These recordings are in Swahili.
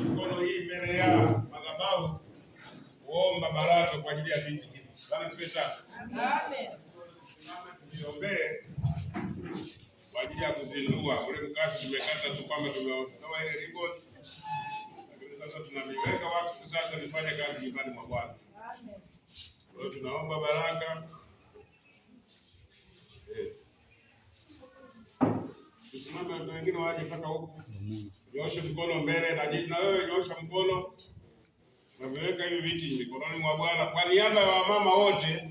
mikono hii mbele ya madhabahu kuomba baraka kwa ajili ya viti hivi. Bwana sifiwe sana. Amen. Tuombee kwa ajili ya kuzindua ule mkasi, tumekata tu kwamba tumeondoa ile ribbon, lakini sasa tunamipeleka watu sasa nifanye kazi nyumbani mwa Bwana. Amen. Kwa hiyo tunaomba baraka tusimame watu wengine waje mpaka huko. Nyoshe mkono mbele na jiji na wewe nyosha mkono. Naviweka hivi viti mikononi mwa Bwana kwa niaba ya wamama wote,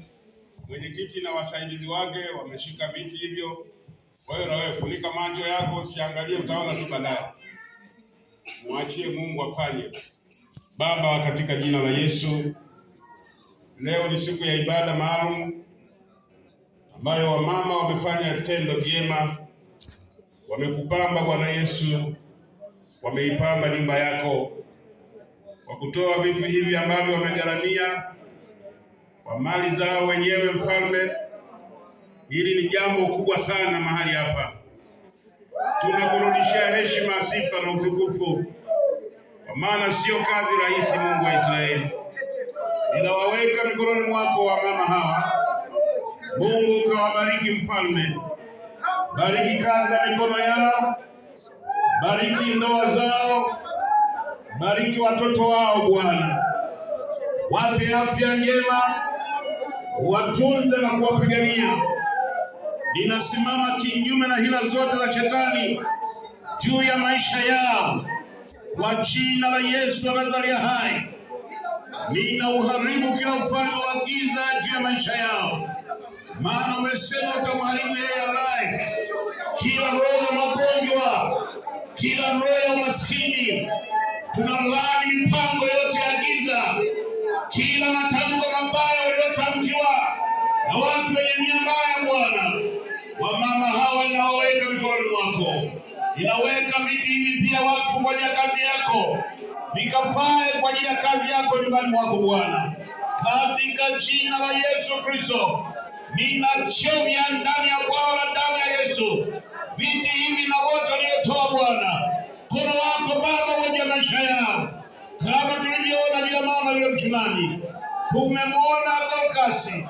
mwenyekiti na wasaidizi wake wameshika viti hivyo. Kwa hiyo na wewe funika macho yako, siangalie utaona tu baadaye. Mwachie Mungu afanye. Baba, katika jina la Yesu, leo ni siku ya ibada maalum ambayo wamama wamefanya tendo jema wamekupamba Bwana Yesu, wameipamba nyumba yako kwa kutoa vitu hivi ambavyo wamegharamia kwa mali zao wenyewe. Mfalme, hili ni jambo kubwa sana mahali hapa. Tunakurudishia heshima, sifa na utukufu, kwa maana sio kazi rahisi, Mungu wa Israeli. Ninawaweka mikononi mwako wa mama hawa, Mungu kawabariki mfalme bariki kazi za mikono yao, bariki ndoa zao, bariki watoto wao Bwana, wape afya njema, watunze na kuwapigania. Ninasimama kinyume na hila zote za shetani juu ya maisha yao kwa jina la Yesu anazalia hai. Nina uharibu kila ufalme wa giza juu ya maisha yao, maana umesema utamharibu yeye kila roho ya umaskini, tunamlaani mipango yote ya giza, kila matamko mabaya yaliyotamkiwa na watu wenye nia mbaya. Bwana, wamama hawa ninawaweka mikononi mwako, ninaweka miti hivi pia wakfu kwa ajili ya kazi yako, vikafae kwa ajili ya kazi yako nyumbani mwako Bwana, katika jina la Yesu Kristo. Nina ndani ya bwawa la damu ya Yesu viti hivi na wote waliotoa Bwana mkono wako Baba mwenye maisha yao, kama tulivyoona vile mama yule mchimani, tumemwona Dokasi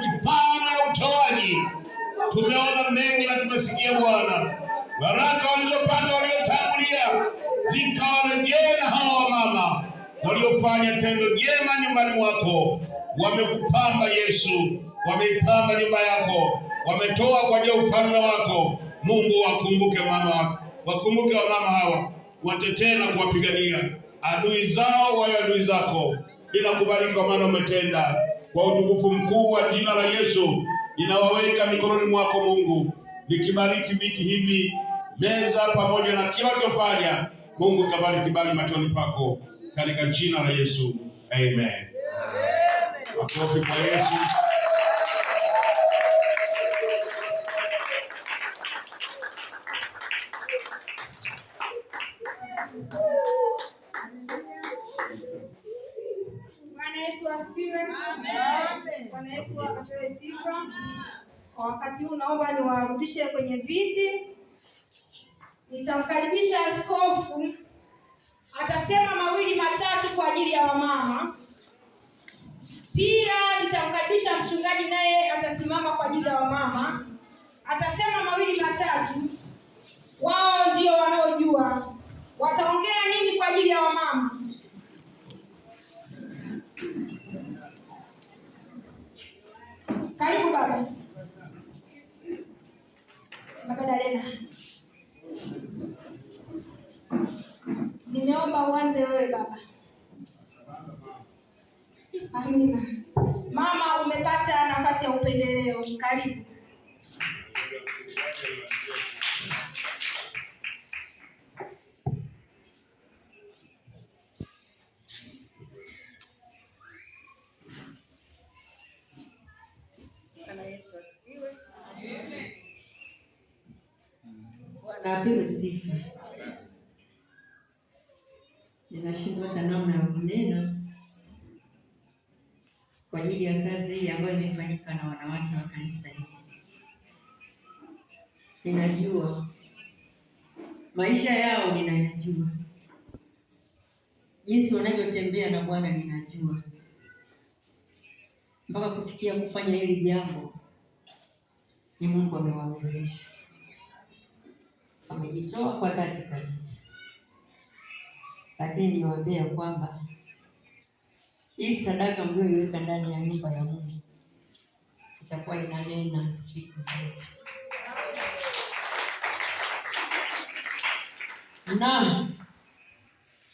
mifano ya utoaji. Tumeona mengi na tumesikia Bwana, baraka walizopata waliotangulia zikawarejea, na hawa wamama waliofanya tendo jema nyumbani mwako, wamekupamba Yesu, wameipamba nyumba yako, wametoa kwa ajili ya ufalme wako Mungu wakumbuke mama, wakumbuke wamama hawa, watetee na kuwapigania adui zao, wawe adui zako, bila kubariki, kwa maana umetenda kwa utukufu mkuu wa jina la Yesu. Inawaweka mikononi mwako Mungu, nikibariki viti hivi, meza pamoja na kila chofanya Mungu, kabali kibali machoni pako katika jina la Yesu, amen. Makofi kwa Yesu. Bwana Yesu asifiwe. Bwana Yesu akapewe sifa. Kwa wakati huu naomba niwarudishe kwenye viti. Nitamkaribisha askofu atasema mawili matatu kwa ajili ya wamama. Pia nitamkaribisha mchungaji naye atasimama kwa ajili ya wamama, atasema mawili matatu. Wao ndio wanaojua Wataongea nini kwa ajili ya wamama? Karibu baba Magdalena, nimeomba uanze wewe baba. Amina. Mama, umepata nafasi ya upendeleo, karibu. Apewe sifa. Ninashindwa hata namna ya kunena kwa ajili ya kazi hii ambayo imefanyika na wanawake wa kanisa hili. Ninajua maisha yao, ninayajua jinsi wanavyotembea na Bwana, ninajua mpaka kufikia kufanya hili jambo, ni Mungu amewawezesha tumejitoa kwa dhati kabisa, lakini niwaambie kwamba hii sadaka mlioiweka ndani ya nyumba ya Mungu itakuwa inanena siku zote. Naam,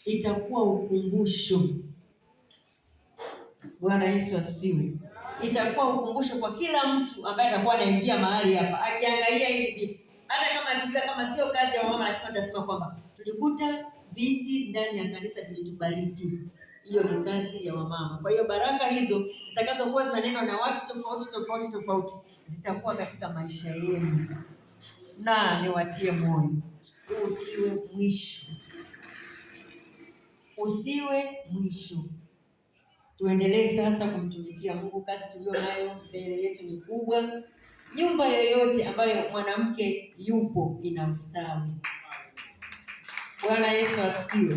itakuwa ukumbusho. Bwana Yesu asifiwe. Itakuwa ukumbusho kwa kila mtu ambaye atakuwa anaingia mahali hapa akiangalia hivi vitu hata kama akijua kama sio kazi ya mama, lakini atasema kwamba tulikuta viti ndani ya kanisa vilitubariki. Hiyo ni kazi ya wamama. Kwa hiyo baraka hizo zitakazokuwa zinanenwa na watu tofauti tofauti tofauti zitakuwa katika maisha yenu, na niwatie moyo, usiwe mwisho, usiwe mwisho. Tuendelee sasa kumtumikia Mungu. Kazi tuliyo nayo mbele yetu ni kubwa nyumba yoyote ambayo mwanamke yupo ina ustawi. Bwana Yesu asifiwe.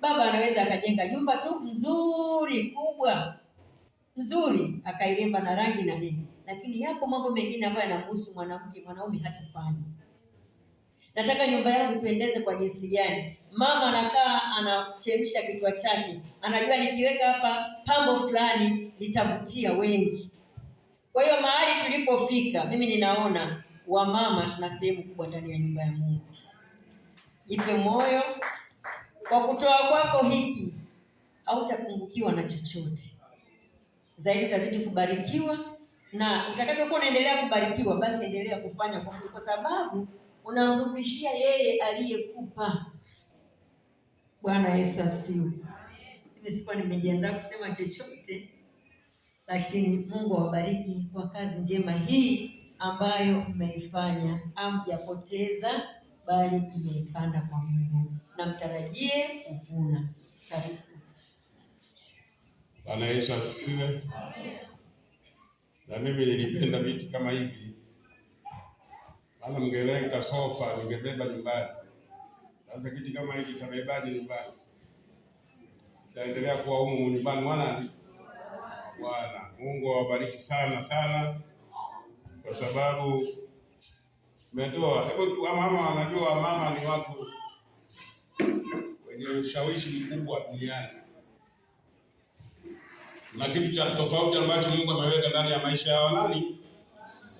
Baba anaweza akajenga nyumba tu nzuri kubwa nzuri akairemba na rangi na nini, lakini yapo mambo mengine ambayo yanamhusu mwanamke, mwanaume hatufanyi. Nataka nyumba yangu ipendeze kwa jinsi gani? Mama anakaa anachemsha kichwa chake, anajua nikiweka hapa pambo fulani litavutia wengi. Kwa hiyo mahali tulipofika, mimi ninaona wamama tuna sehemu kubwa ndani ya nyumba ya Mungu. Ipe moyo kwa kutoa kwako hiki, hautapungukiwa na chochote zaidi, utazidi kubarikiwa, na utakapokuwa unaendelea kubarikiwa, basi endelea kufanya kwa kwa sababu unamrudishia yeye aliyekupa. Bwana Yesu asifiwe. Mimi sikuwa nimejiandaa kusema chochote lakini Mungu awabariki kwa kazi njema hii ambayo mmeifanya, hamjapoteza bali imeipanda kwa Mungu na mtarajie kuvuna. Karibu. Bwana Yesu asifiwe. Na mimi nilipenda viti kama hivi, maana mngeleta sofa ningebeba nyumbani. Sasa kiti kama hiki tabebaje nyumbani? Taendelea kuwa humu nyumbani, mwana bwana Mungu awabariki sana sana, kwa sababu umetoa. Hebu mama, wanajua, wamama ni watu wenye ushawishi mkubwa duniani, na kitu cha tofauti ambacho Mungu ameweka ndani ya maisha yao nani,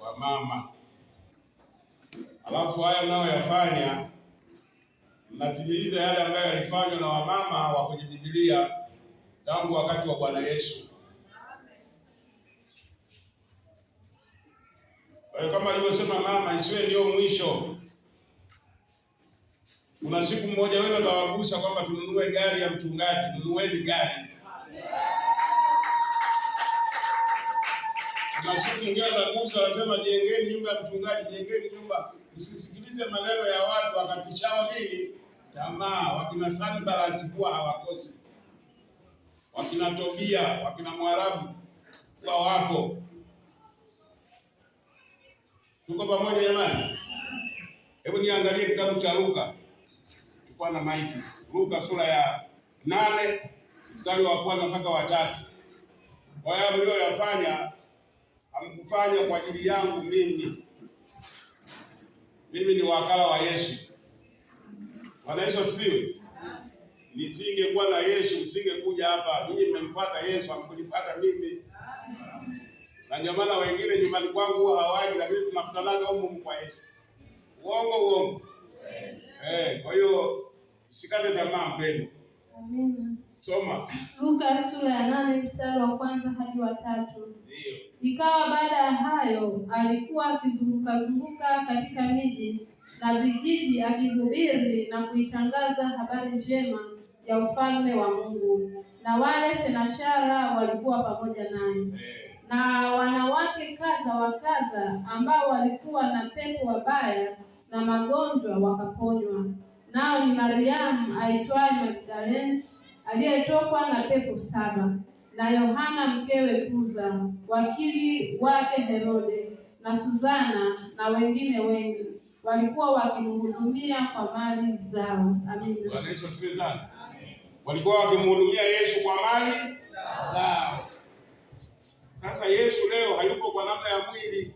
wamama. Alafu haya mnayoyafanya mnatimiliza yale ambayo yalifanywa na wamama wa kwenye Biblia tangu wakati wa Bwana Yesu Kwa kama alivyosema mama, isiwe ndio mwisho. Kuna siku mmoja wenu atawagusa kwamba tununue gari ya mchungaji, nunueni gari. Kuna siku mwingine atagusa anasema, jengeni nyumba ya mchungaji, jengeni nyumba. Usisikilize maneno ya watu, wakati chao nini tamaa. Wakina Sanbalati kuwa hawakosi, wakina Tobia, wakina Mwarabu kuwa wako Tuko pamoja jamani? Hebu niangalie kitabu cha Luka, tukuwa na maiki. Luka sura ya nane mstari wa kwanza mpaka wa tatu. Haya mlioyafanya amkufanya kwa ajili yangu mimi, mimi ni wakala wa Yesu. Bwana Yesu asifiwe. Nisingekuwa na Yesu msingekuja hapa, ninyi mmemfuata Yesu, amkunifuata mimi na ndio maana wengine nyumbani kwangu hawaji, lakini tunakutanaga huko kwa Yesu. Uongo uongo, eh. Kwa hiyo sikate tamaa mpendo. Amen. Soma Luka sura ya nane mstari wa kwanza hadi wa tatu. Ndio. Ikawa baada ya hayo alikuwa akizunguka zunguka katika miji na vijiji akihubiri na kuitangaza habari njema ya ufalme wa Mungu, na wale senashara walikuwa pamoja naye. Eh na wanawake kadha wa kadha ambao walikuwa na pepo wabaya na magonjwa wakaponywa. Nao ni Mariamu aitwaye Magdalene aliyetokwa na pepo saba, na Yohana mkewe Kuza, wakili wake Herode, na Suzana na wengine wengi walikuwa wakimhudumia kwa mali zao. Amina. Walikuwa wakimhudumia Yesu kwa mali zao. Sasa Yesu leo hayupo kwa namna ya mwili,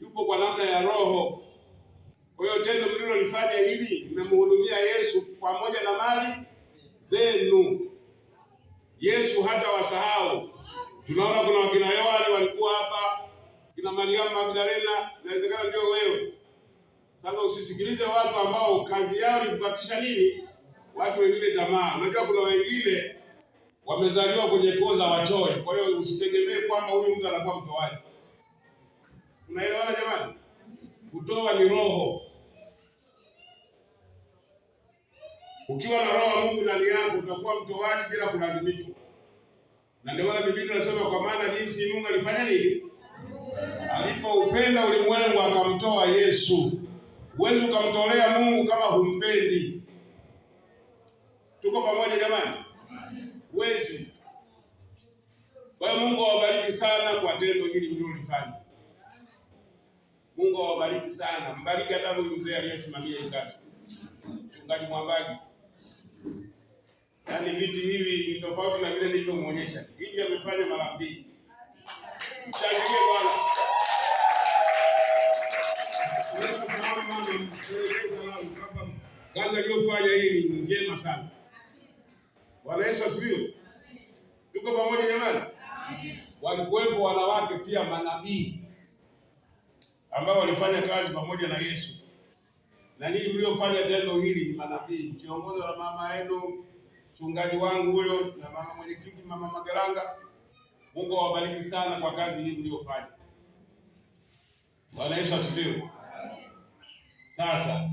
yupo kwa namna ya roho. Kwa hiyo tendo mlilolifanya hili, mmemhudumia Yesu pamoja na mali zenu. Yesu hata wasahau. Tunaona kuna wakina Yohani walikuwa hapa, kina Mariamu Magdalena, inawezekana ndio wewe. Sasa usisikilize watu ambao kazi yao ni kukatisha nini watu wengine tamaa. Unajua kuna wengine wamezaliwa kwenye koo za wachoyo. Kwa hiyo usitegemee kwamba huyu mtu anakuwa mtoaji. Unaelewana jamani? Kutoa ni roho. Ukiwa na roho ya Mungu ndani yako utakuwa mtoaji bila kulazimishwa, na ndio maana Biblia inasema kwa maana jinsi Mungu alifanya nini, alipoupenda ulimwengu akamtoa Yesu. Huwezi ukamtolea Mungu kama humpendi. Tuko pamoja jamani? wezi. Kwa Mungu awabariki sana kwa tendo hili mlilolifanya. Mungu awabariki sana, mbariki hata huyu mzee aliyesimamia hii kazi, Mchungaji Mwambagi. Yaani viti hivi ni tofauti na vile nilivyomuonyesha, hivi amefanya mara mbili. Mshangilie Bwana. Kazi aliyofanya hii ni njema sana. Bwana Yesu asifiwe. Tuko pamoja jamani? Walikuwepo wanawake pia manabii ambao walifanya kazi pamoja na Yesu. Na ninyi mliofanya tendo hili ni manabii, kiongozi wa mama yenu, mchungaji wangu huyo na mama mwenyekiti, mama Magaranga. Mungu awabariki sana kwa kazi hii mliofanya. Bwana Yesu asifiwe. Sasa